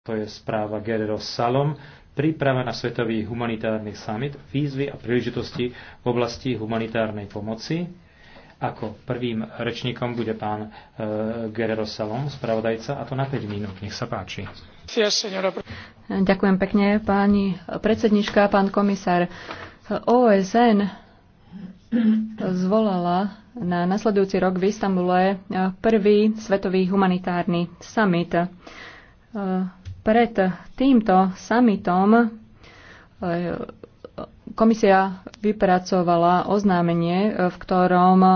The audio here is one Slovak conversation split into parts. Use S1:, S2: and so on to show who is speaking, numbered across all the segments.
S1: to je správa Gerero Salom, príprava na Svetový humanitárny summit, výzvy a príležitosti v oblasti humanitárnej pomoci. Ako prvým rečníkom bude pán e, Gerero Salom, spravodajca, a to na 5 minút. Nech sa páči.
S2: Ďakujem pekne, páni predsednička, pán komisár. OSN zvolala na nasledujúci rok v Istambule prvý svetový humanitárny summit e, pred týmto summitom e, komisia vypracovala oznámenie, e, v ktorom e,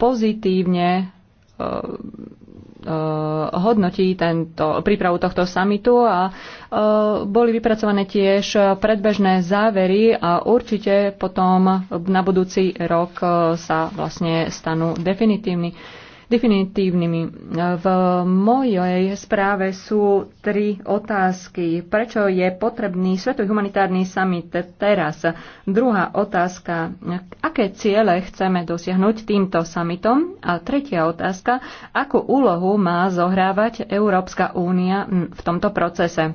S2: pozitívne hodnotí tento, prípravu tohto samitu a boli vypracované tiež predbežné závery a určite potom na budúci rok sa vlastne stanú definitívny definitívnymi. V mojej správe sú tri otázky. Prečo je potrebný Svetový humanitárny summit teraz? Druhá otázka. Aké ciele chceme dosiahnuť týmto summitom? A tretia otázka. Akú úlohu má zohrávať Európska únia v tomto procese?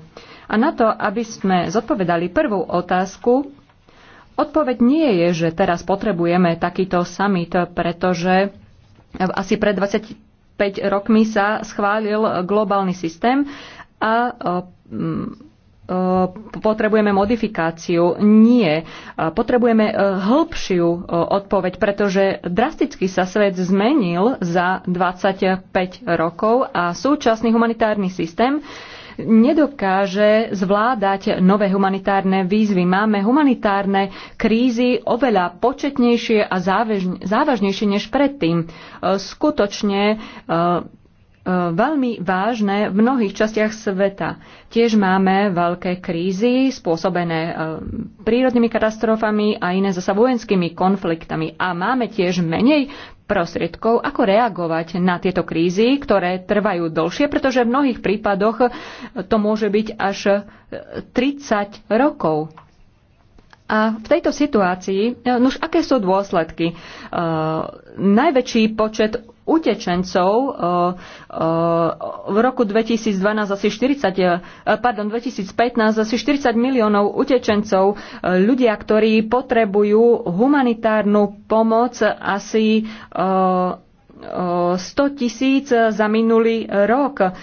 S2: A na to, aby sme zodpovedali prvú otázku, odpoveď nie je, že teraz potrebujeme takýto summit, pretože asi pred 25 rokmi sa schválil globálny systém a e, e, potrebujeme modifikáciu. Nie. Potrebujeme e, hĺbšiu odpoveď, pretože drasticky sa svet zmenil za 25 rokov a súčasný humanitárny systém nedokáže zvládať nové humanitárne výzvy. Máme humanitárne krízy oveľa početnejšie a závažnejšie než predtým. E, skutočne e, e, veľmi vážne v mnohých častiach sveta. Tiež máme veľké krízy spôsobené prírodnými katastrofami a iné zasa vojenskými konfliktami. A máme tiež menej prostriedkov, ako reagovať na tieto krízy, ktoré trvajú dlhšie, pretože v mnohých prípadoch to môže byť až 30 eh, rokov a v tejto situácii, e, no už aké sú dôsledky? E, najväčší počet utečencov e, e, v roku 2012 asi 40, e, pardon, 2015 asi 40 miliónov utečencov, e, ľudia, ktorí potrebujú humanitárnu pomoc asi 100 tisíc za minulý rok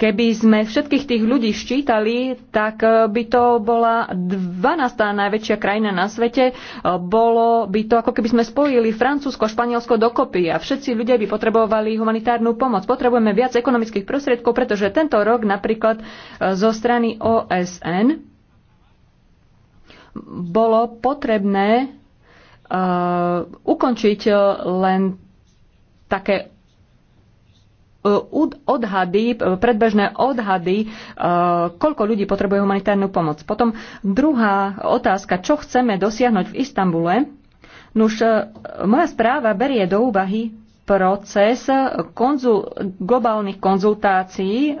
S2: Keby sme všetkých tých ľudí ščítali, tak e, by to bola 12. najväčšia krajina na svete. E, bolo by to, ako keby sme spojili Francúzsko a Španielsko dokopy a všetci ľudia by potrebovali humanitárnu pomoc. Potrebujeme viac ekonomických prostriedkov, pretože tento rok napríklad e, zo strany OSN bolo potrebné uh, ukončiť len také odhady, predbežné odhady, e, koľko ľudí potrebuje humanitárnu pomoc. Potom druhá otázka, čo chceme dosiahnuť v Istambule. Nuž, e, moja správa berie do úvahy proces konzul, globálnych konzultácií v,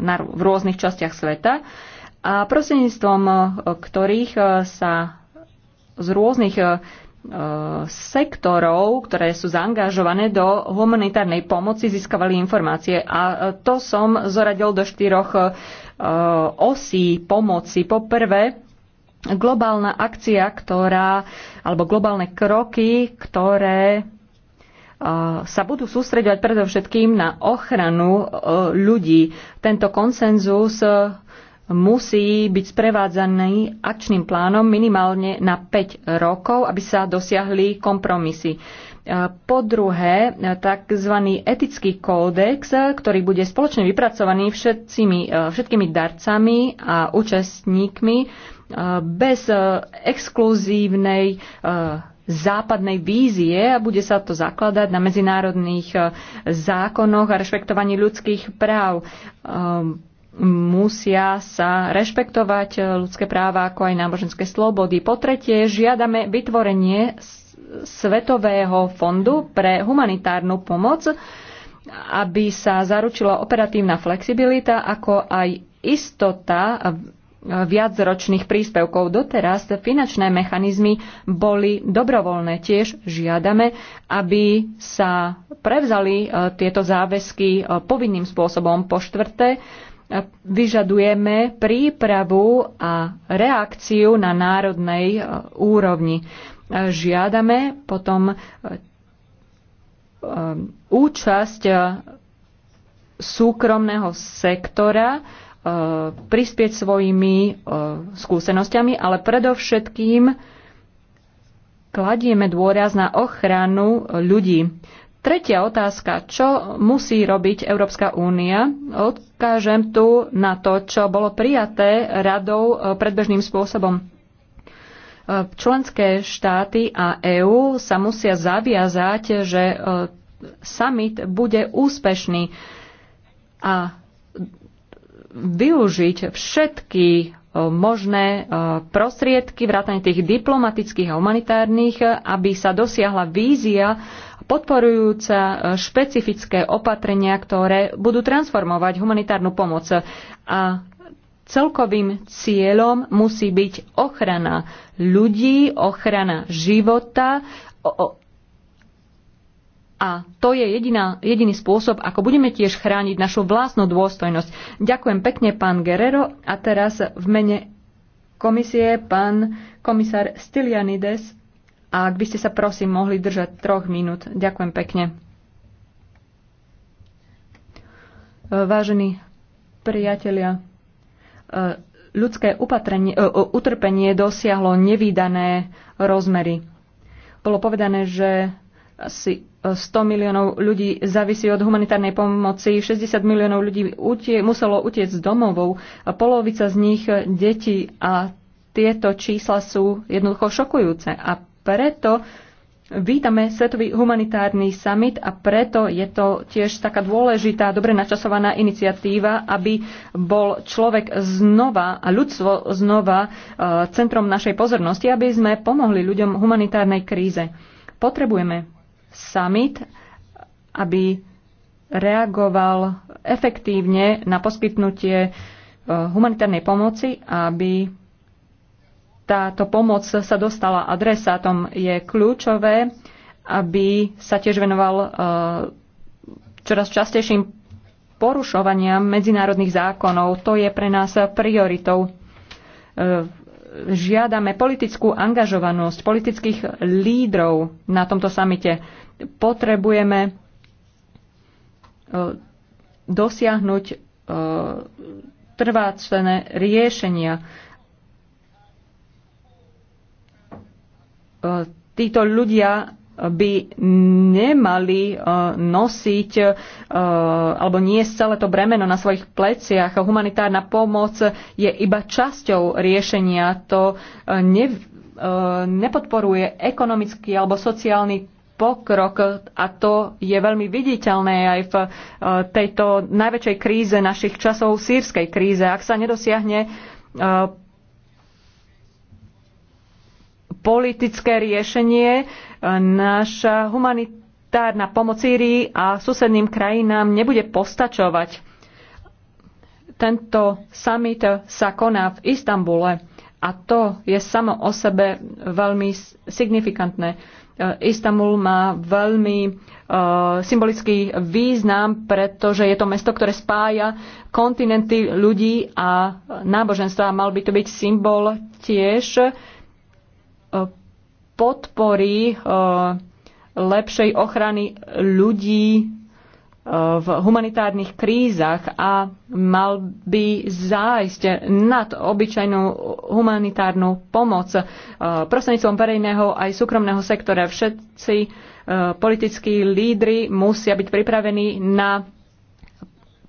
S2: na, v rôznych častiach sveta a prostredníctvom e, ktorých sa z rôznych E, sektorov, ktoré sú zaangažované do humanitárnej pomoci, získavali informácie. A e, to som zoradil do štyroch e, osí pomoci. Poprvé, globálna akcia, ktorá, alebo globálne kroky, ktoré sa budú sústreďovať predovšetkým na ochranu ľudí. Tento konsenzus musí byť sprevádzaný akčným plánom minimálne na 5 rokov, aby sa dosiahli kompromisy. E, po druhé, e, tzv. etický kódex, e, ktorý bude spoločne vypracovaný všetcimi, všetkými darcami a účastníkmi bez exkluzívnej západnej vízie a bude sa to zakladať na medzinárodných zákonoch a rešpektovaní ľudských práv musia sa rešpektovať ľudské práva ako aj náboženské slobody. Po tretie, žiadame vytvorenie Svetového fondu pre humanitárnu pomoc, aby sa zaručila operatívna flexibilita, ako aj istota viacročných príspevkov. Doteraz finančné mechanizmy boli dobrovoľné. Tiež žiadame, aby sa prevzali e, tieto záväzky e, povinným spôsobom. Po štvrté, vyžadujeme prípravu a reakciu na národnej e, úrovni. E, žiadame potom e, účasť súkromného sektora prispieť svojimi skúsenostiami, ale predovšetkým kladieme dôraz na ochranu ľudí. Tretia otázka. Čo musí robiť Európska únia? Odkážem tu na to, čo bolo prijaté radou e, predbežným spôsobom. E, členské štáty a EÚ sa musia zaviazať, že e, summit bude úspešný a využiť všetky možné prostriedky, vrátane tých diplomatických a humanitárnych, aby sa dosiahla vízia podporujúca e, špecifické opatrenia, ktoré budú transformovať humanitárnu pomoc. A celkovým cieľom musí byť ochrana ľudí, ochrana života a to je jediná, jediný spôsob, ako budeme tiež chrániť našu vlastnú dôstojnosť. Ďakujem pekne, pán Guerrero. A teraz v mene komisie pán komisár Stylianides a ak by ste sa prosím mohli držať troch minút. Ďakujem pekne. E, vážení priatelia, e, ľudské upatrenie, e, utrpenie dosiahlo nevýdané rozmery. Bolo povedané, že asi 100 miliónov ľudí závisí od humanitárnej pomoci, 60 miliónov ľudí utie, muselo utiecť z domovov, a polovica z nich detí a tieto čísla sú jednoducho šokujúce a preto Vítame Svetový humanitárny summit a preto je to tiež taká dôležitá, dobre načasovaná iniciatíva, aby bol človek znova a ľudstvo znova e, centrom našej pozornosti, aby sme pomohli ľuďom humanitárnej kríze. Potrebujeme summit, aby reagoval efektívne na poskytnutie e, humanitárnej pomoci, aby táto pomoc sa dostala adresátom. Je kľúčové, aby sa tiež venoval e, čoraz častejším porušovaniam medzinárodných zákonov. To je pre nás prioritou. E, žiadame politickú angažovanosť politických lídrov na tomto samite. Potrebujeme e, dosiahnuť trvácne riešenia E, títo ľudia by nemali e, nosiť e, alebo niesť celé to bremeno na svojich pleciach. Humanitárna pomoc je iba časťou riešenia. To ne, nepodporuje ekonomický alebo sociálny pokrok a to je veľmi viditeľné aj v tejto najväčšej kríze našich časov, sírskej kríze. Ak sa nedosiahne politické riešenie. E, naša humanitárna pomoc Sýrii a susedným krajinám nebude postačovať. Tento summit sa koná v Istambule a to je samo o sebe veľmi signifikantné. E, Istanbul má veľmi e, symbolický význam, pretože je to mesto, ktoré spája kontinenty ľudí a náboženstva. Mal by to byť symbol tiež podpory e, lepšej ochrany ľudí e, v humanitárnych krízach a mal by zájsť nad obyčajnú humanitárnu pomoc e, prostredníctvom verejného aj súkromného sektora. Všetci politickí lídry musia byť pripravení na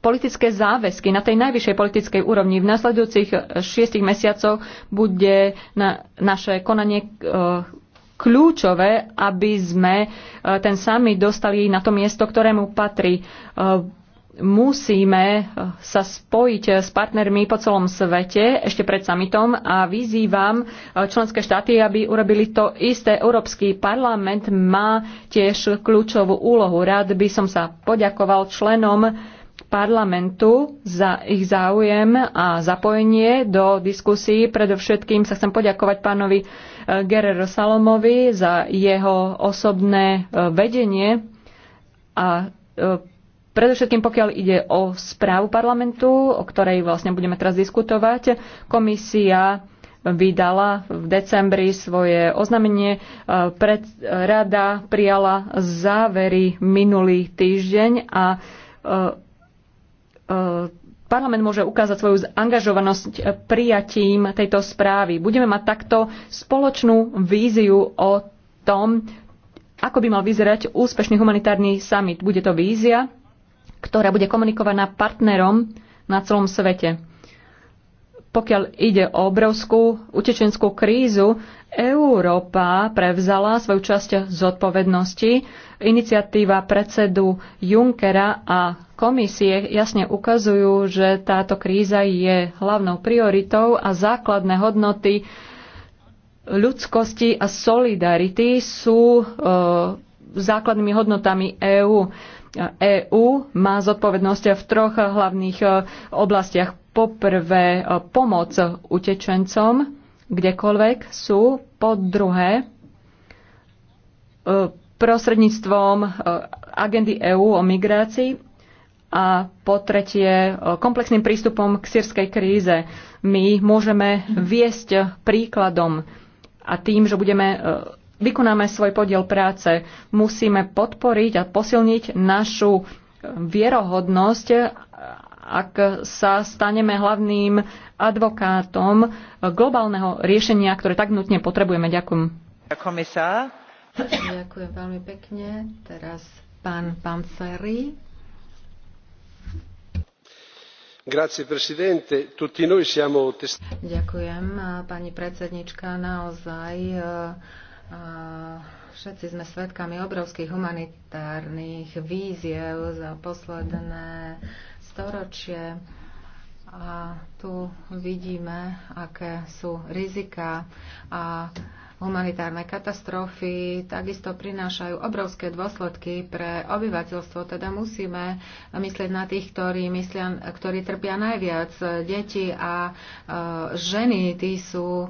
S2: politické záväzky na tej najvyššej politickej úrovni. V nasledujúcich eh, šiestich mesiacoch bude na naše konanie eh, kľúčové, aby sme eh, ten summit dostali na to miesto, ktorému patrí. Musíme sa spojiť s partnermi po celom svete ešte pred summitom a vyzývam členské štáty, aby urobili to isté. Európsky parlament má tiež kľúčovú úlohu. Rád by som sa poďakoval členom parlamentu za ich záujem a zapojenie do diskusí. Predovšetkým sa chcem poďakovať pánovi e, Gerero Salomovi za jeho osobné e, vedenie a e, predovšetkým pokiaľ ide o správu parlamentu, o ktorej vlastne budeme teraz diskutovať, komisia vydala v decembri svoje oznamenie. Pred, rada prijala závery minulý týždeň a E, parlament môže ukázať svoju angažovanosť prijatím tejto správy. Budeme mať takto spoločnú víziu o tom, ako by mal vyzerať úspešný humanitárny summit. Bude to vízia, ktorá bude komunikovaná partnerom na celom svete. Pokiaľ ide o obrovskú utečenskú krízu, Európa prevzala svoju časť zodpovednosti. Iniciatíva predsedu Junckera a komisie jasne ukazujú, že táto kríza je hlavnou prioritou a základné hodnoty ľudskosti a solidarity sú e, základnými hodnotami EÚ. EÚ má zodpovednosť v troch hlavných e, oblastiach. Poprvé e, pomoc utečencom, kdekoľvek sú. Po druhé, e, prostredníctvom agendy EÚ o migrácii a po tretie e, komplexným prístupom k sírskej kríze. My môžeme viesť príkladom a tým, že budeme e, vykonáme svoj podiel práce, musíme podporiť a posilniť našu e, vierohodnosť, ak sa staneme hlavným advokátom globálneho riešenia, ktoré tak nutne potrebujeme. Ďakujem.
S3: Komisár.
S4: Ďakujem veľmi pekne. Teraz
S2: pán Panceri.
S4: Ďakujem, pani predsednička. Naozaj všetci sme svedkami obrovských humanitárnych výziev za posledné storočie. A tu vidíme, aké sú rizika a Humanitárne katastrofy takisto prinášajú obrovské dôsledky pre obyvateľstvo, teda musíme myslieť na tých, ktorí, myslia, ktorí trpia najviac. Deti a e, ženy, tí sú e,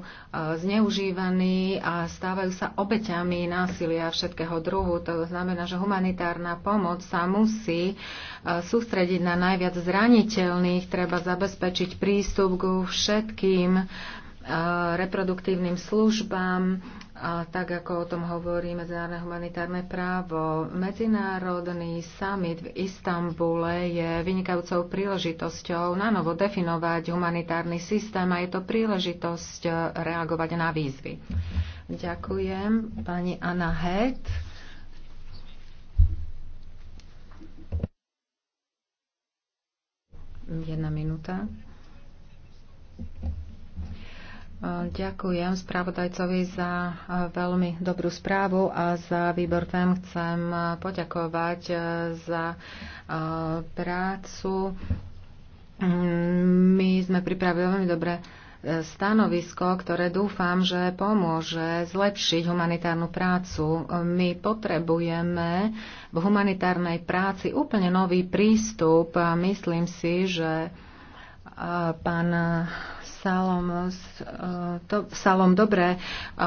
S4: zneužívaní a stávajú sa obeťami násilia všetkého druhu. To znamená, že humanitárna pomoc sa musí e, sústrediť na najviac zraniteľných, treba zabezpečiť prístup ku všetkým reproduktívnym službám, tak ako o tom hovorí medzinárodné humanitárne právo. Medzinárodný summit v Istambule je vynikajúcou príležitosťou na novo definovať humanitárny systém a je to príležitosť reagovať na výzvy. Ďakujem. Pani Anna Het. Jedna minúta. Ďakujem spravodajcovi za e, veľmi dobrú správu a za výbor FEM chcem e, poďakovať e, za prácu. Mm, my sme pripravili veľmi dobré stanovisko, ktoré dúfam, že pomôže zlepšiť humanitárnu prácu. My potrebujeme v humanitárnej práci úplne nový prístup a myslím si, že pán Salom, e, to, Salom dobre e, e,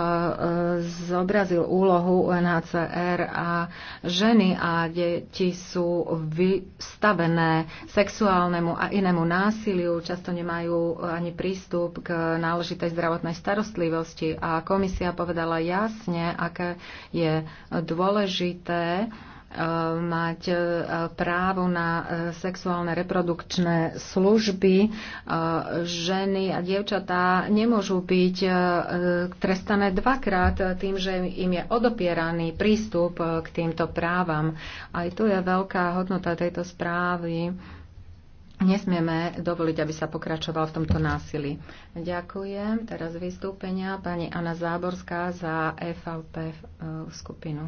S4: zobrazil úlohu UNHCR a ženy a deti sú vystavené sexuálnemu a inému násiliu, často nemajú ani prístup k náležitej zdravotnej starostlivosti a komisia povedala jasne, aké je dôležité, mať e, právo na e, sexuálne reprodukčné služby. E, ženy a dievčatá nemôžu byť trestané dvakrát tým, že im je odopieraný prístup k týmto právam. Aj tu je veľká hodnota tejto správy. Nesmieme dovoliť, aby sa pokračoval v tomto násilí. Ďakujem. Teraz vystúpenia pani Anna Záborská za FVP skupinu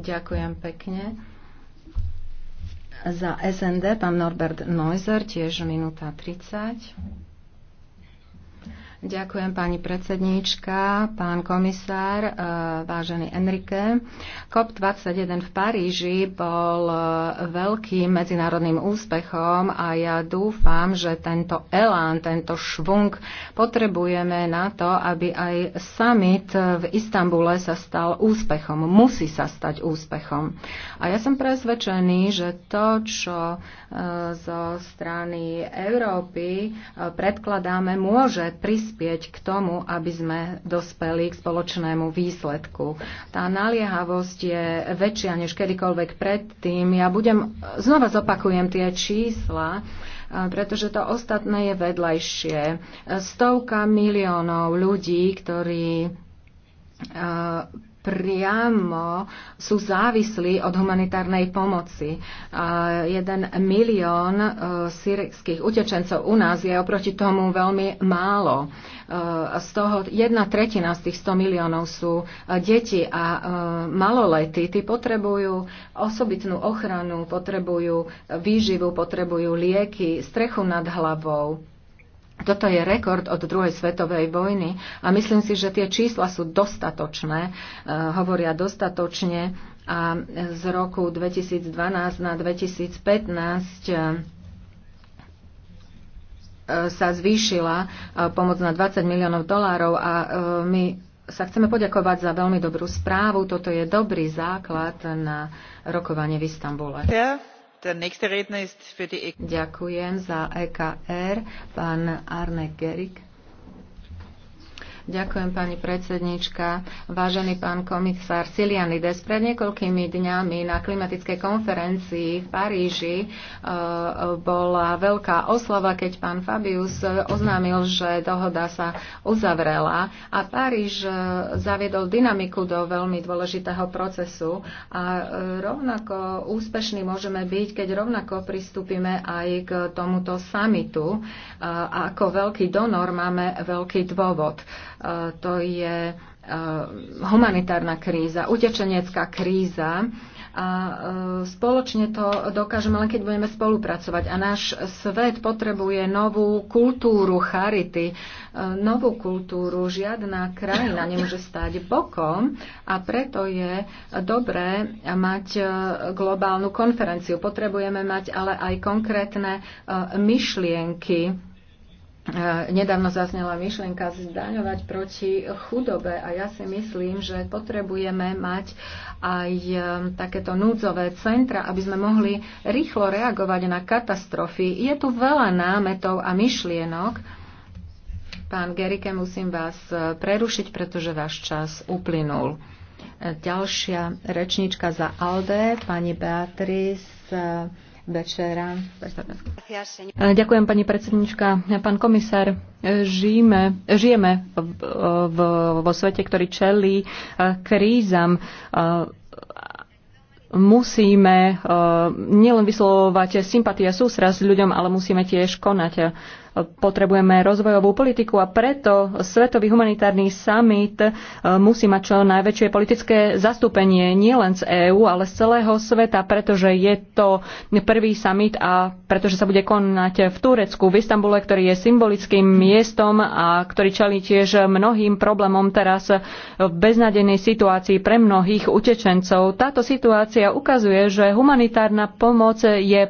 S4: Ďakujem pekne. Za SND pán Norbert Neuser, tiež minúta 30. Ďakujem pani predsedníčka, pán komisár, eh, vážený Enrique. COP21 v Paríži bol eh, veľkým medzinárodným úspechom a ja dúfam, že tento elán, tento švung potrebujeme na to, aby aj summit v Istambule sa stal úspechom. Musí sa stať úspechom. A ja som presvedčený, že to, čo eh, zo strany Európy predkladáme, môže prispieť prispieť k tomu, aby sme dospeli k spoločnému výsledku. Tá naliehavosť je väčšia než kedykoľvek predtým. Ja budem, znova zopakujem tie čísla, pretože to ostatné je vedľajšie. Stovka miliónov ľudí, ktorí priamo sú závislí od humanitárnej pomoci. Jeden milión e, sírských utečencov u nás je oproti tomu veľmi málo. E, z toho jedna tretina z tých 100 miliónov sú e, deti a malolety. Tí potrebujú osobitnú ochranu, potrebujú výživu, potrebujú lieky, strechu nad hlavou toto je rekord od druhej svetovej vojny a myslím si, že tie čísla sú dostatočné, eh, hovoria dostatočne a z roku 2012 na 2015 eh, sa zvýšila eh, pomoc na 20 miliónov dolárov a my sa chceme poďakovať za veľmi dobrú správu. Toto je dobrý základ na rokovanie v Istambule.
S3: Yeah. E
S4: Ďakujem za EKR, pán Arne Gerik. Ďakujem, pani predsednička. Vážený pán komisár Silianides, pred niekoľkými dňami na klimatickej konferencii v Paríži e, bola veľká oslava, keď pán Fabius oznámil, že dohoda sa uzavrela a Paríž e, zaviedol dynamiku do veľmi dôležitého procesu a e, rovnako úspešní môžeme byť, keď rovnako pristúpime aj k tomuto samitu. Ako veľký donor máme veľký dôvod. Eh, to je eh, humanitárna kríza, utečenecká kríza a eh, spoločne to dokážeme len keď budeme spolupracovať. A náš svet potrebuje novú kultúru charity, novú kultúru. Žiadna krajina nemôže stať bokom a preto je dobré mať globálnu konferenciu. Potrebujeme mať ale aj konkrétne myšlienky E, nedávno zaznela myšlienka zdaňovať proti chudobe a ja si myslím, že potrebujeme mať aj e, takéto núdzové centra, aby sme mohli rýchlo reagovať na katastrofy. Je tu veľa námetov a myšlienok. Pán Gerike, musím vás e, prerušiť, pretože váš čas uplynul. Ďalšia rečníčka za ALDE, pani Beatrice
S2: večera. E, ďakujem, pani predsednička. Pán komisár, žijeme, žijeme v, v, vo svete, ktorý čelí e, krízam e, musíme nielen vyslovovať sympatia a s ľuďom, ale musíme tiež konať potrebujeme rozvojovú politiku a preto Svetový humanitárny summit e, musí mať čo najväčšie politické zastúpenie nielen z EÚ, ale z celého sveta, pretože je to prvý summit a pretože sa bude konať v Turecku, v Istambule, ktorý je symbolickým miestom a ktorý čelí tiež mnohým problémom teraz v beznadenej situácii pre mnohých utečencov. Táto situácia ukazuje, že humanitárna pomoc je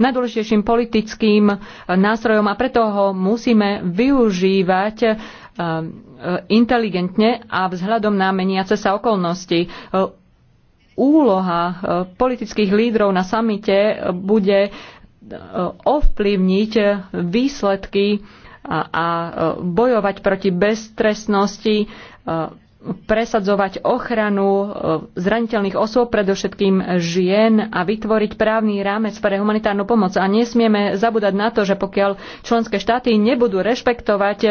S2: najdôležitejším politickým nástrojom a preto ho musíme využívať eh, inteligentne a vzhľadom na meniace sa okolnosti. Eh, úloha eh, politických lídrov na samite bude ovplyvniť výsledky a bojovať proti beztrestnosti, presadzovať ochranu e, zraniteľných osôb, predovšetkým žien a vytvoriť právny rámec pre humanitárnu pomoc. A nesmieme zabúdať na to, že pokiaľ členské štáty nebudú rešpektovať e,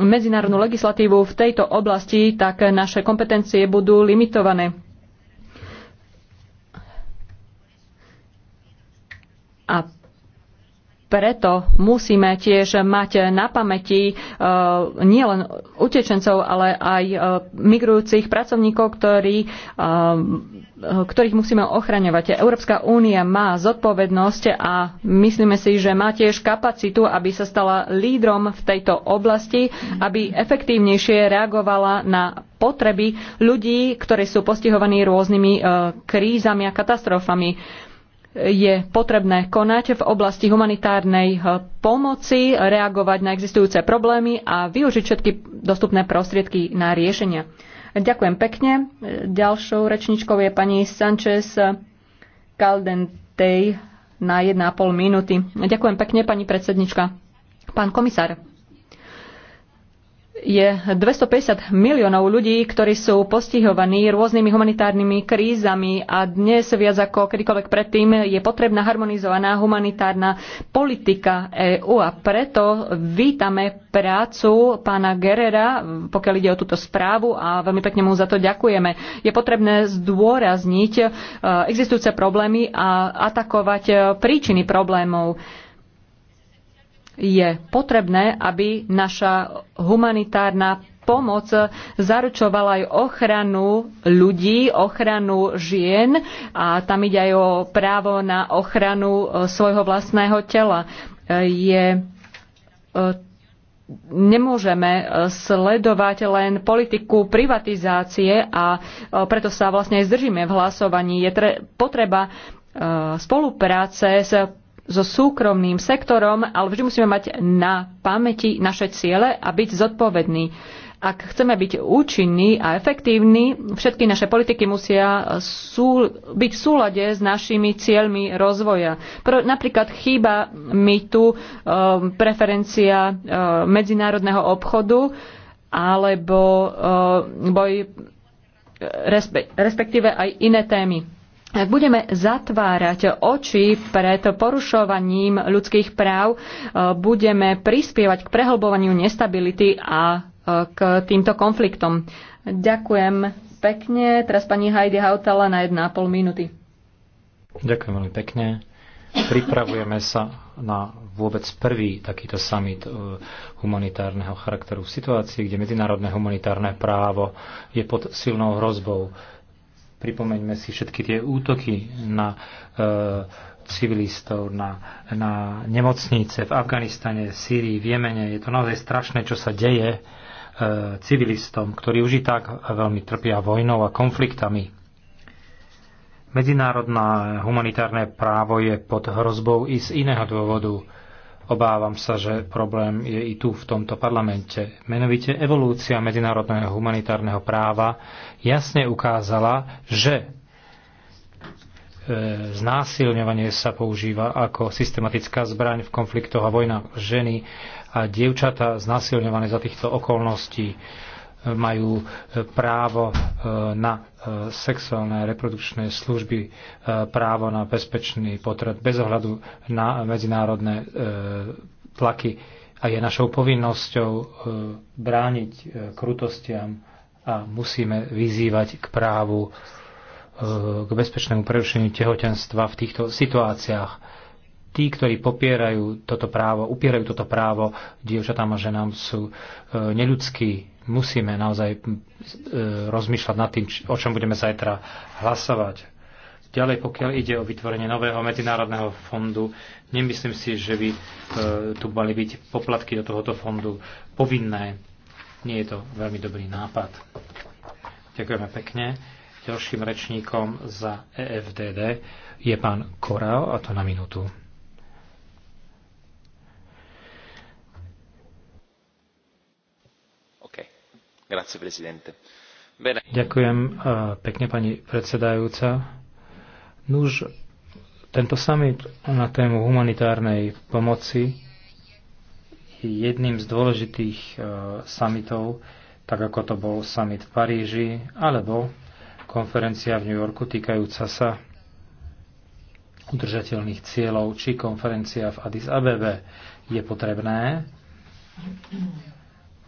S2: medzinárodnú legislatívu v tejto oblasti, tak naše kompetencie budú limitované. A preto musíme tiež mať na pamäti e, nielen utečencov, ale aj e, migrujúcich pracovníkov, ktorí, e, ktorých musíme ochraňovať. Európska únia má zodpovednosť a myslíme si, že má tiež kapacitu, aby sa stala lídrom v tejto oblasti, aby efektívnejšie reagovala na potreby ľudí, ktorí sú postihovaní rôznymi krízami a katastrofami je potrebné konať v oblasti humanitárnej eh, pomoci, reagovať na existujúce problémy a využiť všetky dostupné prostriedky na riešenia. Ďakujem pekne. Ďalšou rečničkou je pani Sanchez Caldentej na 1,5 minúty. Ďakujem pekne, pani predsednička. Pán komisár, je 250 miliónov ľudí, ktorí sú postihovaní rôznymi humanitárnymi krízami a dnes viac ako kedykoľvek predtým je potrebná harmonizovaná humanitárna politika EÚ a preto vítame prácu pána Gerera, pokiaľ ide o túto správu a veľmi pekne mu za to ďakujeme. Je potrebné zdôrazniť e, existujúce problémy a atakovať príčiny problémov je potrebné, aby naša humanitárna pomoc zaručovala aj ochranu ľudí, ochranu žien a tam ide aj o právo na ochranu e, svojho vlastného tela. E, je e, nemôžeme sledovať len politiku privatizácie a preto sa vlastne aj zdržíme v hlasovaní. Je potreba spolupráce s so súkromným sektorom, ale vždy musíme mať na pamäti naše ciele a byť zodpovední. Ak chceme byť účinní a efektívni, všetky naše politiky musia sú, byť v súlade s našimi cieľmi rozvoja. Pro, napríklad chýba mi tu um, preferencia um, medzinárodného obchodu alebo um, boj, respe, respektíve aj iné témy ak budeme zatvárať oči pred porušovaním ľudských práv, e, budeme prispievať k prehlbovaniu nestability a e, k týmto konfliktom. Ďakujem pekne. Teraz pani Heidi Hautala na 1,5 minúty.
S1: Ďakujem veľmi pekne. Pripravujeme sa na vôbec prvý takýto summit e, humanitárneho charakteru v situácii, kde medzinárodné humanitárne právo je pod silnou hrozbou Pripomeňme si všetky tie útoky na e, civilistov, na, na nemocnice v Afganistane, Sýrii, v Jemene. Je to naozaj strašné, čo sa deje e, civilistom, ktorí už i tak veľmi trpia vojnou a konfliktami. Medzinárodné humanitárne právo je pod hrozbou i z iného dôvodu Obávam sa, že problém je i tu v tomto parlamente. Menovite evolúcia medzinárodného humanitárneho práva jasne ukázala, že e, znásilňovanie sa používa ako systematická zbraň v konfliktoch a vojnách ženy a dievčata znásilňované za týchto okolností majú e, právo e, na e, sexuálne a reprodukčné služby, právo na bezpečný potrat bez ohľadu na medzinárodné tlaky. A je našou povinnosťou brániť krutostiam a musíme vyzývať k právu k bezpečnému prerušeniu tehotenstva v týchto situáciách tí, ktorí popierajú toto právo, upierajú toto právo dievčatám a ženám, sú e, neľudskí. Musíme naozaj e, rozmýšľať nad tým, či, o čom budeme zajtra hlasovať. Ďalej, pokiaľ ide o vytvorenie nového medzinárodného fondu, nemyslím si, že by e, tu mali byť poplatky do tohoto fondu povinné. Nie je to veľmi dobrý nápad. Ďakujeme pekne. Ďalším rečníkom za EFDD je pán Korao a to na minútu. Ďakujem e, pekne, pani predsedajúca. Nuž, tento summit na tému humanitárnej pomoci je jedným z dôležitých e, summitov, tak ako to bol summit v Paríži, alebo konferencia v New Yorku týkajúca sa udržateľných cieľov, či konferencia v Addis Abebe. Je potrebné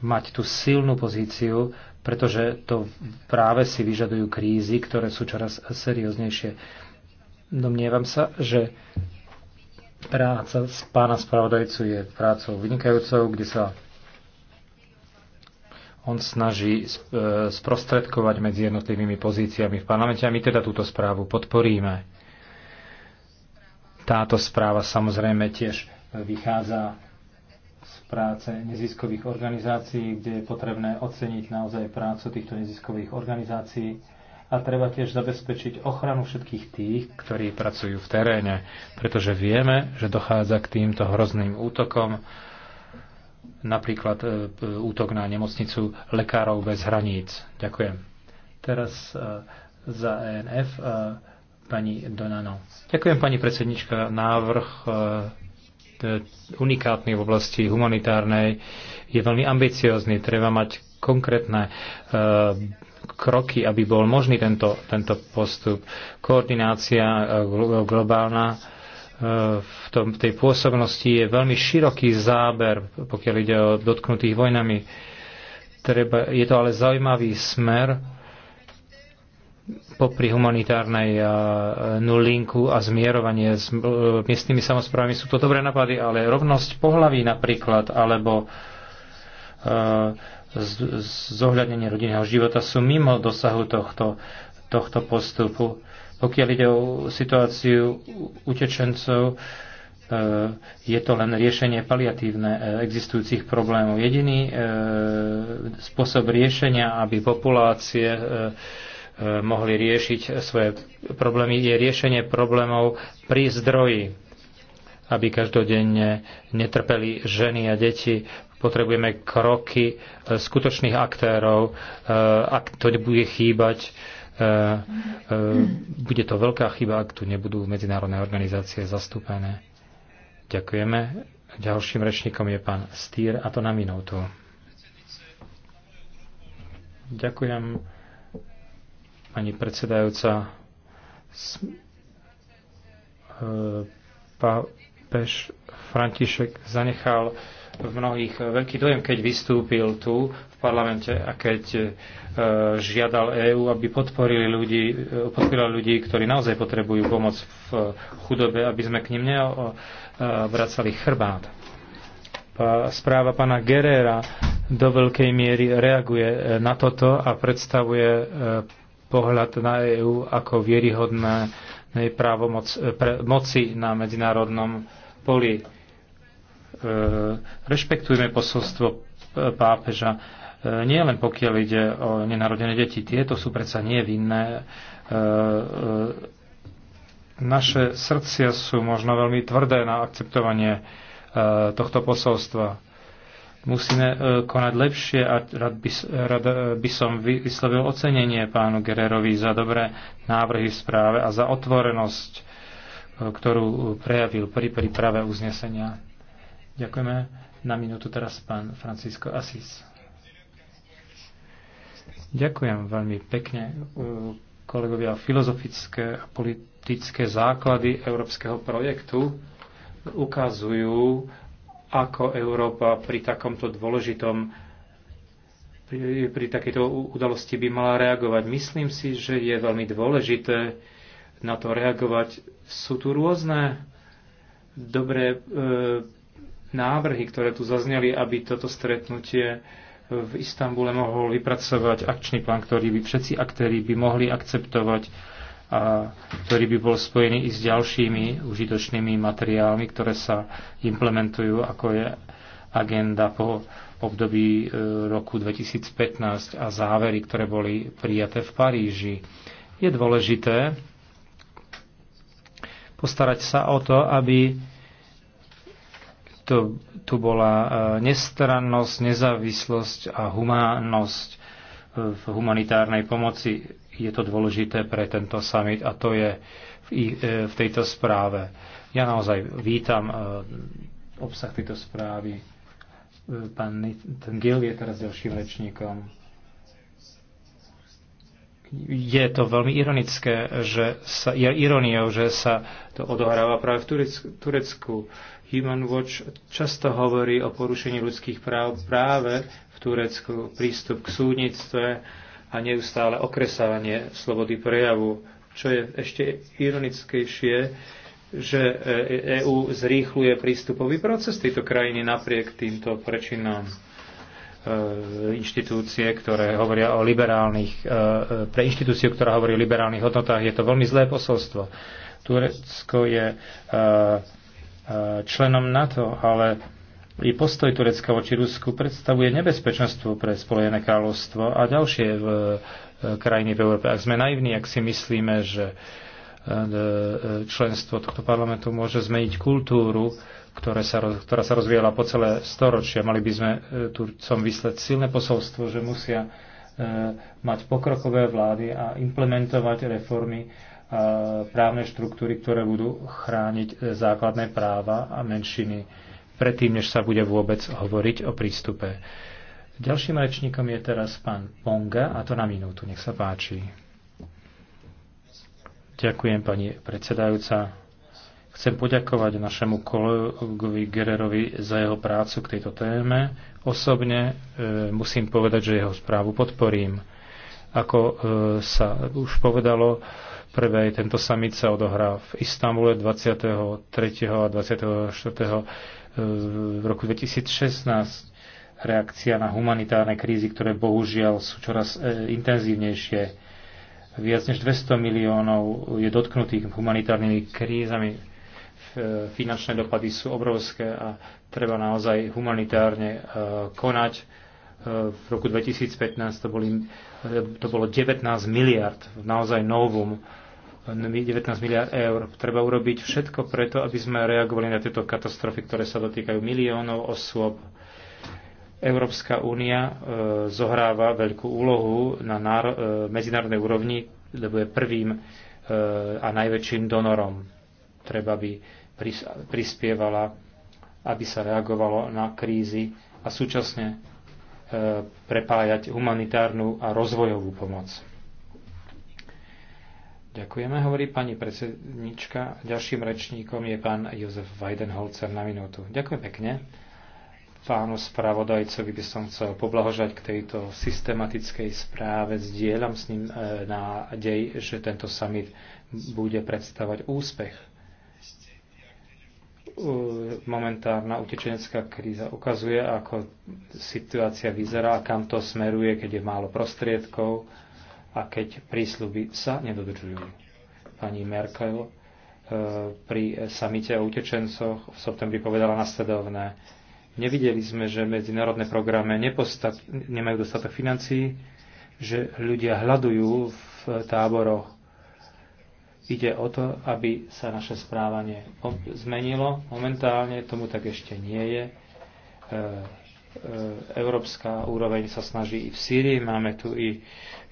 S1: mať tú silnú pozíciu, pretože to práve si vyžadujú krízy, ktoré sú čoraz serióznejšie. Domnievam sa, že práca z pána spravodajcu je prácou vynikajúcou, kde sa on snaží e, sprostredkovať medzi jednotlivými pozíciami v parlamente a my teda túto správu podporíme. Táto správa samozrejme tiež vychádza z práce neziskových organizácií, kde je potrebné oceniť naozaj prácu týchto neziskových organizácií a treba tiež zabezpečiť ochranu všetkých tých, ktorí pracujú v teréne, pretože vieme, že dochádza k týmto hrozným útokom, napríklad e, e, útok na nemocnicu Lekárov bez hraníc. Ďakujem. Teraz e, za ENF pani Donano. Ďakujem, pani predsednička. Návrh Eh, unikátny v oblasti humanitárnej, je veľmi ambiciózny. Treba mať konkrétne eh, kroky, aby bol možný tento, tento postup. Koordinácia eh, globálna v tom, tej pôsobnosti je veľmi široký záber, pokiaľ ide o dotknutých vojnami. Treba, je to ale zaujímavý smer, popri humanitárnej eh, nulinku a zmierovanie s eh, miestnymi samozprávami sú to dobré napady, ale rovnosť pohlaví napríklad, alebo eh, zohľadnenie rodinného života sú mimo dosahu tohto, tohto postupu. Pokiaľ ide o situáciu utečencov, je to len riešenie paliatívne existujúcich problémov. Jediný spôsob riešenia, aby populácie Eh, mohli riešiť svoje problémy, je riešenie problémov pri zdroji, aby každodenne netrpeli ženy a deti. Potrebujeme kroky eh, skutočných aktérov, eh, ak to nebude chýbať, bude to veľká chyba, ak tu nebudú medzinárodné organizácie zastúpené. Ďakujeme. Ďalším rečníkom je pán Stýr a to na minútu. Ďakujem pani predsedajúca. E, Pápež František zanechal v mnohých veľký dojem, keď vystúpil tu v parlamente a keď e, žiadal EÚ, aby podporili ľudí, e, podporili ľudí, ktorí naozaj potrebujú pomoc v chudobe, aby sme k nim neobracali chrbát. Správa pána Gerera do veľkej miery reaguje na toto a predstavuje pohľad na EÚ ako vieryhodné právomoc, e, pre, moci na medzinárodnom poli. E, rešpektujme posolstvo e, pápeža, e, nie len pokiaľ ide o nenarodené deti. Tieto sú predsa nevinné. E, e, naše srdcia sú možno veľmi tvrdé na akceptovanie e, tohto posolstva Musíme e, konať lepšie a rád by, rád e, by som vyslovil ocenenie pánu Gererovi za dobré návrhy v správe a za otvorenosť, e, ktorú prejavil pri príprave uznesenia. Ďakujeme. Na minútu teraz pán Francisco Asís. Ďakujem veľmi pekne, kolegovia, filozofické a politické základy európskeho projektu ukazujú ako Európa pri takomto dôležitom pri, pri takejto udalosti by mala reagovať. Myslím si, že je veľmi dôležité na to reagovať. Sú tu rôzne dobré e, návrhy, ktoré tu zazneli, aby toto stretnutie v Istambule mohol vypracovať akčný plán, ktorý by všetci aktéri by mohli akceptovať a ktorý by bol spojený i s ďalšími užitočnými materiálmi, ktoré sa implementujú, ako je agenda po období e, roku 2015 a závery, ktoré boli prijaté v Paríži. Je dôležité postarať sa o to, aby to, tu bola e, nestrannosť, nezávislosť a humánnosť e, v humanitárnej pomoci je to dôležité pre tento summit a to je v, e, v tejto správe. Ja naozaj vítam e, obsah tejto správy. E, pán Gil je teraz ďalším rečníkom. Je to veľmi ironické, že sa, je ironiou, že sa to odohráva práve v Turecku. Human Watch často hovorí o porušení ľudských práv práve v Turecku. Prístup k súdnictve, uh, a neustále okresávanie slobody prejavu. Čo je ešte ironickejšie, že EÚ e zrýchluje prístupový proces tejto krajiny napriek týmto prečinám e, inštitúcie, ktoré hovoria o liberálnych, e, pre inštitúciu, ktorá hovorí o liberálnych hodnotách, je to veľmi zlé posolstvo. Turecko je členom NATO, ale pri postoji Turecka voči Rusku predstavuje nebezpečenstvo pre Spojené kráľovstvo a ďalšie v, e, krajiny v Európe. Ak sme naivní, ak si myslíme, že e, e, členstvo tohto parlamentu môže zmeniť kultúru, ktoré sa, ktorá sa rozvíjala po celé storočia, mali by sme Turcom vysleť silné posolstvo, že musia mať pokrokové vlády a implementovať reformy a právne štruktúry, ktoré budú chrániť základné práva a menšiny predtým, než sa bude vôbec hovoriť o prístupe. Ďalším rečníkom je teraz pán Ponga a to na minútu. Nech sa páči. Ďakujem, pani predsedajúca. Chcem poďakovať našemu kolegovi Gererovi za jeho prácu k tejto téme. Osobne e, musím povedať, že jeho správu podporím. Ako e, sa už povedalo, prvé tento summit sa odohrá v Istambule 23. a 24 v roku 2016 reakcia na humanitárne krízy, ktoré bohužiaľ sú čoraz e, intenzívnejšie. Viac než 200 miliónov je dotknutých humanitárnymi krízami. E, finančné dopady sú obrovské a treba naozaj humanitárne e, konať. V roku 2015 to, boli, to bolo 19 miliard, naozaj novum 19 miliard eur. Treba urobiť všetko preto, aby sme reagovali na tieto katastrofy, ktoré sa dotýkajú miliónov osôb. Európska únia e, zohráva veľkú úlohu na e, medzinárodnej úrovni, lebo je prvým e, a najväčším donorom. Treba by prispievala, aby sa reagovalo na krízy a súčasne prepájať humanitárnu a rozvojovú pomoc. Ďakujeme, hovorí pani predsednička. Ďalším rečníkom je pán Jozef Weidenholzer na minútu. Ďakujem pekne. Pánu spravodajcovi by som chcel poblahožať k tejto systematickej správe. Zdieľam s ním e, nádej, že tento summit bude predstavať úspech. Momentárna utečenecká kríza ukazuje, ako situácia vyzerá, kam to smeruje, keď je málo prostriedkov a keď prísľuby sa nedodržujú. Pani Merkel e, pri samite o utečencoch v septembri povedala nasledovné. Nevideli sme, že medzinárodné programy nemajú dostatok financií, že ľudia hľadujú v táboroch. Ide o to, aby sa naše správanie zmenilo. Momentálne tomu tak ešte nie je. E, e, európska úroveň sa snaží i v Sýrii. Máme tu i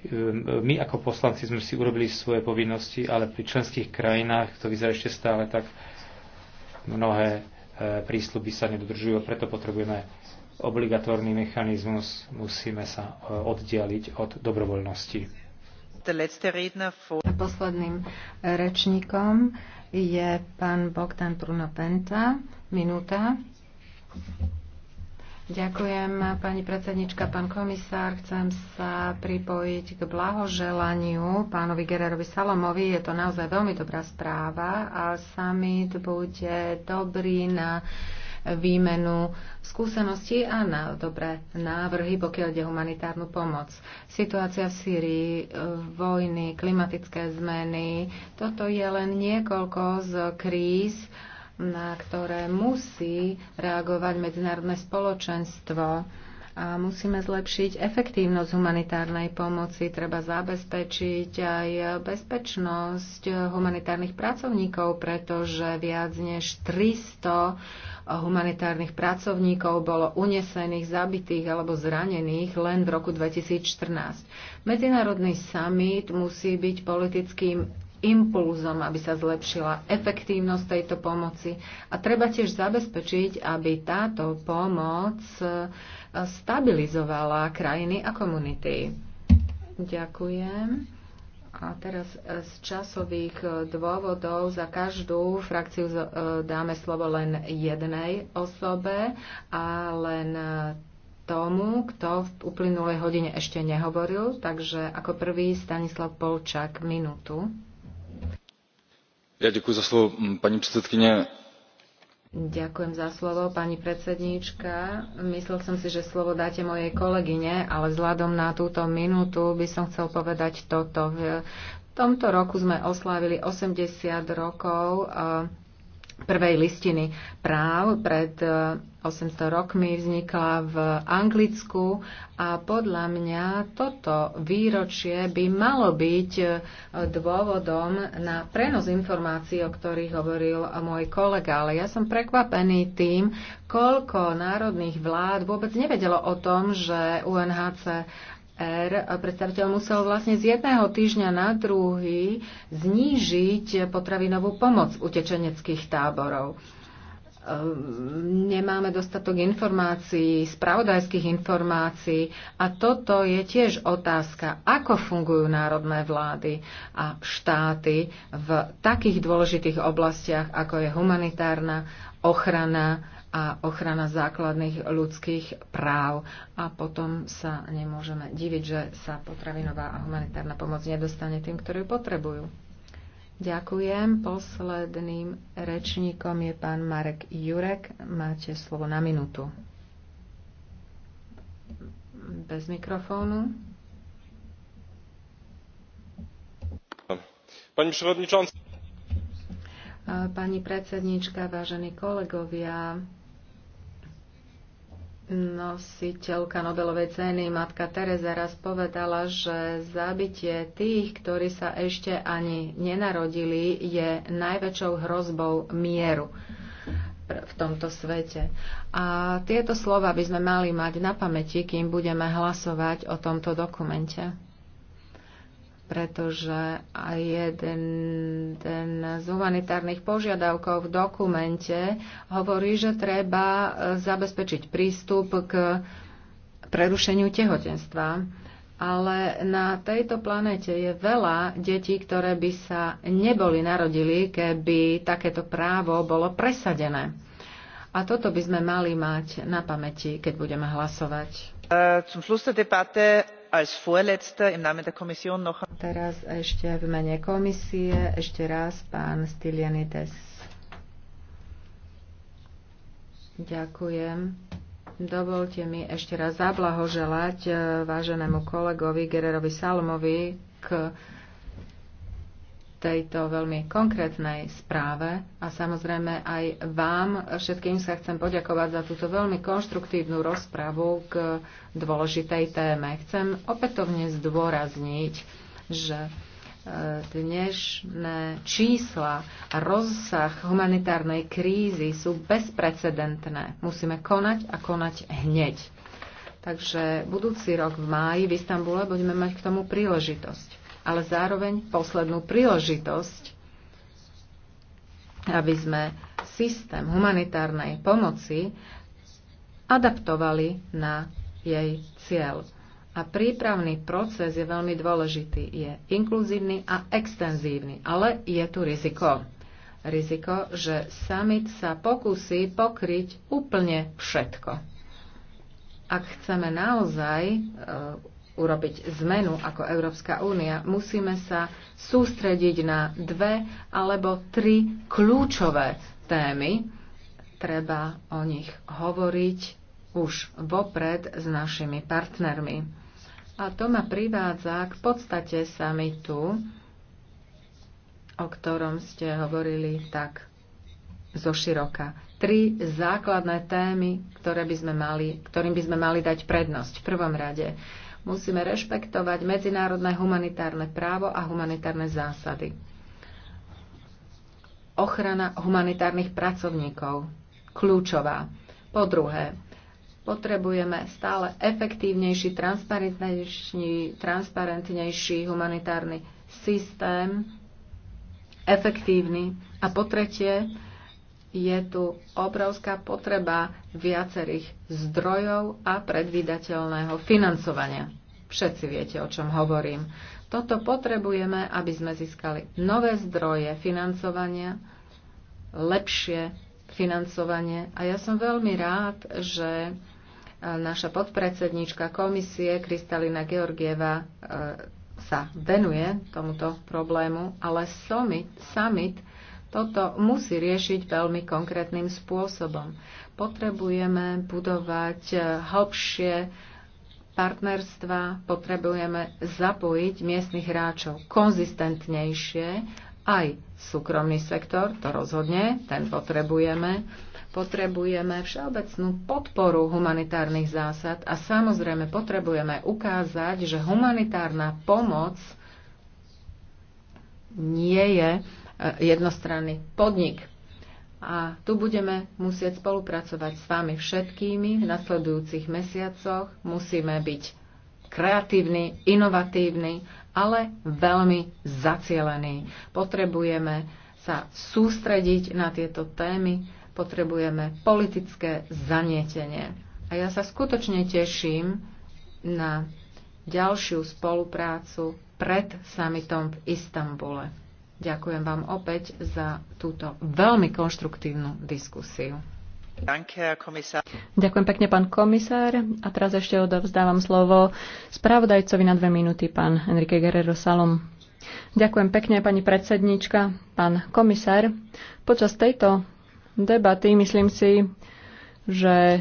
S1: Ehm, my ako poslanci sme si urobili svoje povinnosti, ale pri členských krajinách to vyzerá ešte stále tak mnohé e, prísľuby sa nedodržujú, preto potrebujeme obligatórny mechanizmus, musíme sa e, oddialiť od dobrovoľnosti.
S4: A posledným e, rečníkom je pán Bogdan Bruno Penta. Minúta. Ďakujem, pani predsednička, pán komisár. Chcem sa pripojiť k blahoželaniu pánovi Gererovi Salomovi. Je to naozaj veľmi dobrá správa a summit bude dobrý na výmenu skúseností a na dobré návrhy, pokiaľ ide humanitárnu pomoc. Situácia v Sýrii, vojny, klimatické zmeny, toto je len niekoľko z kríz, na ktoré musí reagovať medzinárodné spoločenstvo. A musíme zlepšiť efektívnosť humanitárnej pomoci, treba zabezpečiť aj bezpečnosť humanitárnych pracovníkov, pretože viac než 300 humanitárnych pracovníkov bolo unesených, zabitých alebo zranených len v roku 2014. Medzinárodný summit musí byť politickým impulzom, aby sa zlepšila efektívnosť tejto pomoci. A treba tiež zabezpečiť, aby táto pomoc e, stabilizovala krajiny a komunity. Ďakujem. A teraz e, z časových e, dôvodov za každú frakciu dáme slovo len jednej osobe a len tomu, kto v uplynulej hodine ešte nehovoril. Takže ako prvý Stanislav Polčák minútu.
S1: Ja ďakujem za slovo, pani
S4: Ďakujem za slovo, pani predsedníčka. Myslel som si, že slovo dáte mojej kolegyne, ale vzhľadom na túto minútu by som chcel povedať toto. V tomto roku sme oslávili osemdesiat rokov prvej listiny práv pred 800 e, rokmi vznikla v Anglicku a podľa mňa toto výročie by malo byť e, dôvodom na prenos informácií, o ktorých hovoril môj kolega. Ale ja som prekvapený tým, koľko národných vlád vôbec nevedelo o tom, že UNHC ECR predstaviteľ musel vlastne z jedného týždňa na druhý znížiť potravinovú pomoc utečeneckých táborov ehm, nemáme dostatok informácií, spravodajských informácií a toto je tiež otázka, ako fungujú národné vlády a štáty v takých dôležitých oblastiach, ako je humanitárna ochrana a ochrana základných ľudských práv. A potom sa nemôžeme diviť, že sa potravinová a humanitárna pomoc nedostane tým, ktorí ju potrebujú. Ďakujem. Posledným rečníkom je pán Marek Jurek. Máte slovo na minútu. Bez mikrofónu. Pani predsedníčka, vážení kolegovia, Nositeľka Nobelovej ceny matka Teresa raz povedala, že zabitie tých, ktorí sa ešte ani nenarodili, je najväčšou hrozbou mieru v tomto svete. A tieto slova by sme mali mať na pamäti, kým budeme hlasovať o tomto dokumente pretože aj jeden, jeden z humanitárnych požiadavkov v dokumente hovorí, že treba e, zabezpečiť prístup k prerušeniu tehotenstva. Ale na tejto planete je veľa detí, ktoré by sa neboli narodili, keby takéto právo bolo presadené. A toto by sme mali mať na pamäti, keď budeme hlasovať.
S3: Äh, Teraz
S4: ešte v mene komisie, ešte raz pán Stylianides. Ďakujem. Dovolte mi ešte raz zablahoželať äh, váženému kolegovi Gererovi Salmovi k tejto veľmi konkrétnej správe a samozrejme aj vám všetkým sa chcem poďakovať za túto veľmi konštruktívnu rozpravu k dôležitej téme. Chcem opätovne zdôrazniť, že e, dnešné čísla a rozsah humanitárnej krízy sú bezprecedentné. Musíme konať a konať hneď. Takže budúci rok v máji v Istambule budeme mať k tomu príležitosť ale zároveň poslednú príležitosť, aby sme systém humanitárnej pomoci adaptovali na jej cieľ. A prípravný proces je veľmi dôležitý. Je inkluzívny a extenzívny, ale je tu riziko. Riziko, že summit sa pokusí pokryť úplne všetko. Ak chceme naozaj e, urobiť zmenu ako Európska únia, musíme sa sústrediť na dve alebo tri kľúčové témy. Treba o nich hovoriť už vopred s našimi partnermi. A to ma privádza k podstate samitu, o ktorom ste hovorili tak zo široka. Tri základné témy, ktoré by sme mali, ktorým by sme mali dať prednosť. V prvom rade Musíme rešpektovať medzinárodné humanitárne právo a humanitárne zásady. Ochrana humanitárnych pracovníkov. Kľúčová. Po druhé, potrebujeme stále efektívnejší, transparentnejší, transparentnejší humanitárny systém, efektívny. A po tretie, je tu obrovská potreba viacerých zdrojov a predvídateľného financovania. Všetci viete, o čom hovorím. Toto potrebujeme, aby sme získali nové zdroje financovania, lepšie financovanie. A ja som veľmi rád, že eh, naša podpredsedníčka komisie Kristalina Georgieva eh, sa venuje tomuto problému, ale summit, summit toto musí riešiť veľmi konkrétnym spôsobom. Potrebujeme budovať eh, hlbšie partnerstva, potrebujeme zapojiť miestnych hráčov konzistentnejšie, aj súkromný sektor, to rozhodne, ten potrebujeme. Potrebujeme všeobecnú podporu humanitárnych zásad a samozrejme potrebujeme ukázať, že humanitárna pomoc nie je E, jednostranný podnik. A tu budeme musieť spolupracovať s vami všetkými v nasledujúcich mesiacoch. Musíme byť kreatívni, inovatívni, ale veľmi zacielení. Potrebujeme sa sústrediť na tieto témy, potrebujeme politické zanietenie. A ja sa skutočne teším na ďalšiu spoluprácu pred samitom v Istambule. Ďakujem vám opäť za túto veľmi konštruktívnu
S3: diskusiu.
S2: Ďakujem pekne, pán komisár. A teraz ešte odovzdávam slovo spravodajcovi na dve minúty, pán Enrique Guerrero Salom. Ďakujem pekne, pani predsednička, pán komisár. Počas tejto debaty myslím si, že e,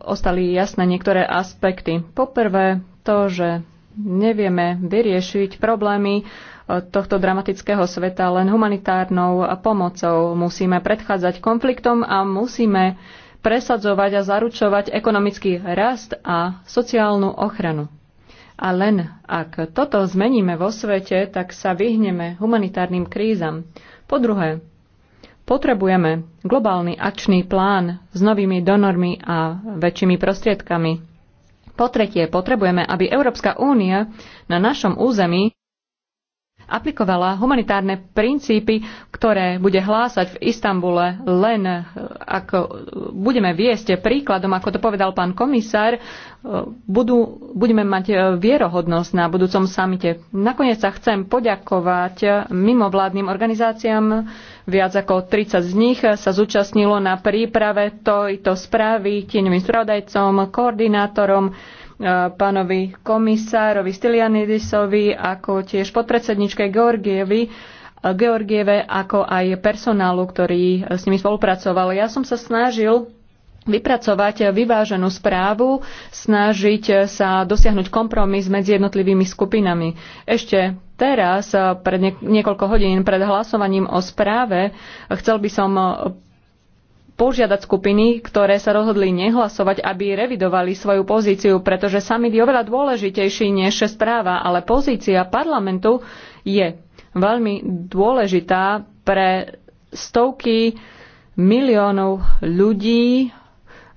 S2: ostali jasné niektoré aspekty. Poprvé to, že nevieme vyriešiť problémy eh, tohto dramatického sveta len humanitárnou pomocou. Musíme predchádzať konfliktom a musíme presadzovať a zaručovať ekonomický rast a sociálnu ochranu. A len ak toto zmeníme vo svete, tak sa vyhneme humanitárnym krízam. Po druhé, potrebujeme globálny akčný plán s novými donormi a väčšími prostriedkami. Po tretie, potrebujeme, aby Európska únia na našom území aplikovala humanitárne princípy, ktoré bude hlásať v Istambule len eh, ako budeme viesť príkladom, ako to povedal pán komisár, eh, budú, budeme mať eh, vierohodnosť na budúcom samite. Nakoniec sa chcem poďakovať mimovládnym organizáciám, Viac ako 30 z nich sa zúčastnilo na príprave tejto správy tieňovým spravodajcom, koordinátorom, e, pánovi komisárovi Stylianidisovi, ako tiež podpredsedničke Georgievi, e, Georgieve, ako aj personálu, ktorý s nimi spolupracoval. Ja som sa snažil vypracovať vyváženú správu, snažiť sa dosiahnuť kompromis medzi jednotlivými skupinami. Ešte teraz, eh, pred niekoľko hodín pred hlasovaním o správe, eh, chcel by som eh, požiadať skupiny, ktoré sa rozhodli nehlasovať, aby revidovali svoju pozíciu, pretože summit je oveľa dôležitejší než správa, ale pozícia parlamentu je veľmi dôležitá pre stovky miliónov ľudí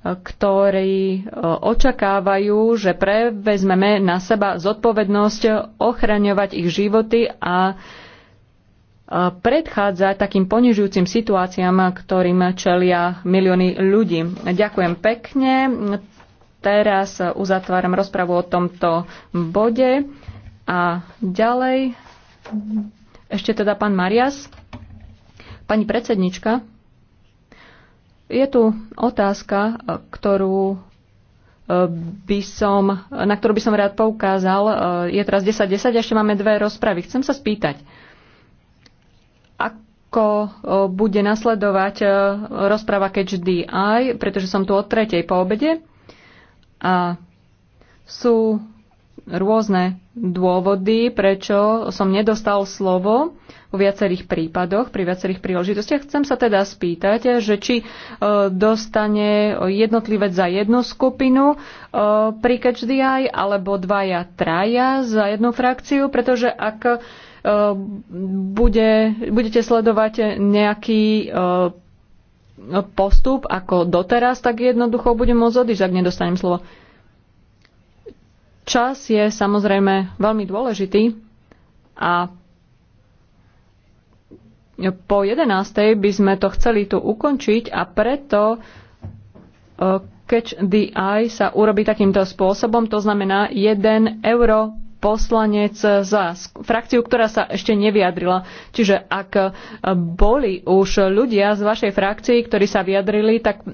S2: ktorí e, očakávajú, že prevezmeme na seba zodpovednosť ochraňovať ich životy a e, predchádzať takým ponižujúcim situáciám, ktorým čelia milióny ľudí. Ďakujem pekne. Teraz uzatváram rozpravu o tomto bode. A ďalej, ešte teda pán Marias. Pani predsednička. Je tu otázka, ktorú e, by som, na ktorú by som rád poukázal. E, je teraz 10.10 10 ešte máme dve rozpravy. Chcem sa spýtať, ako e, bude nasledovať rozpráva Catch DI, pretože som tu od tretej po obede a sú rôzne dôvody, prečo som nedostal slovo v viacerých prípadoch, pri viacerých príležitostiach. Chcem sa teda spýtať, že či e, dostane jednotlivec za jednu skupinu e, pri Catch the Eye, alebo dvaja, traja za jednu frakciu, pretože ak e, bude, budete sledovať nejaký postup ako doteraz, tak jednoducho budem môcť odísť, ak nedostanem slovo. Čas je samozrejme veľmi dôležitý a po 11. by sme to chceli tu ukončiť a preto e, catch the eye sa urobí takýmto spôsobom, to znamená 1 euro poslanec za frakciu, ktorá sa ešte nevyjadrila. Čiže ak boli už ľudia z vašej frakcii, ktorí sa vyjadrili, tak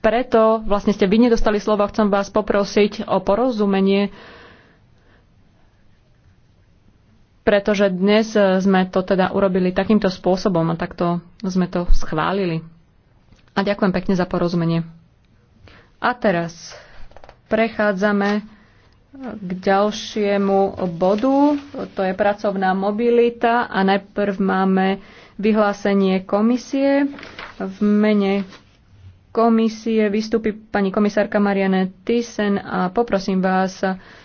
S2: preto vlastne ste vy nedostali slovo. Chcem vás poprosiť o porozumenie pretože dnes eh, sme to teda urobili takýmto spôsobom a takto sme to schválili. A ďakujem pekne za porozumenie. A teraz prechádzame eh, k ďalšiemu bodu. To je pracovná mobilita a najprv máme vyhlásenie komisie. V mene komisie vystúpi pani komisárka Marianne Thyssen a poprosím vás,